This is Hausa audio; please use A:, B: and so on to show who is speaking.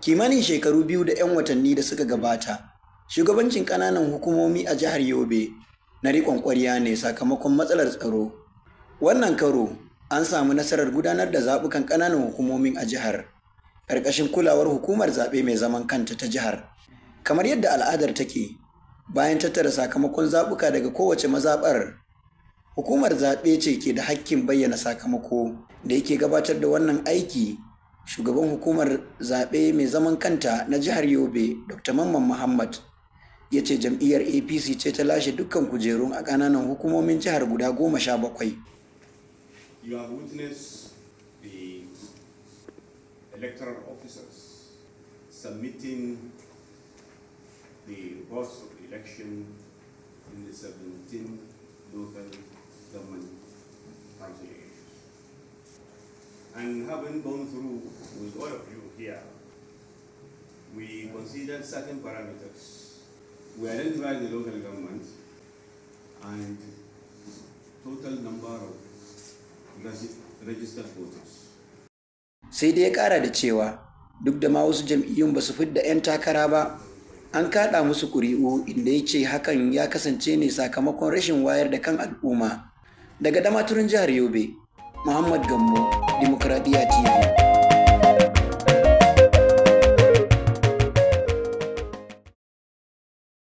A: Kimanin shekaru biyu da 'yan watanni da suka gabata, shugabancin ƙananan hukumomi a jihar Yobe na riƙon ƙwarya ne sakamakon matsalar tsaro. Wannan karo, an samu nasarar gudanar da zaɓukan ƙananan hukumomin a jihar, ƙarƙashin kulawar hukumar zaɓe mai zaman kanta ta jihar. Kamar yadda al'adar take, bayan tattara sakamakon zaɓuka daga kowace mazaɓar, hukumar zaɓe ce ke da hakkin bayyana sakamako da yake gabatar da wannan aiki shugaban hukumar zaɓe mai zaman kanta na jihar yobe dr mamman muhammad ya ce jam'iyyar apc ce ta lashe dukkan kujerun a ƙananan hukumomin jihar guda goma sha bakwai
B: you have witnessed the electoral officers submitting the results of the
C: election in the 17 local and having gone through with all of you here, we considered certain parameters. We identified the local government and total number of registered voters.
A: Sai dai ya kara da cewa duk da ma wasu jam'iyyun ba su fidda 'yan takara ba, an kaɗa musu ƙuri'u inda ya ce hakan ya kasance ne sakamakon rashin wayar da kan al'umma. Daga damaturin jihar Yobe, Muhammad Gambo. democracia TV.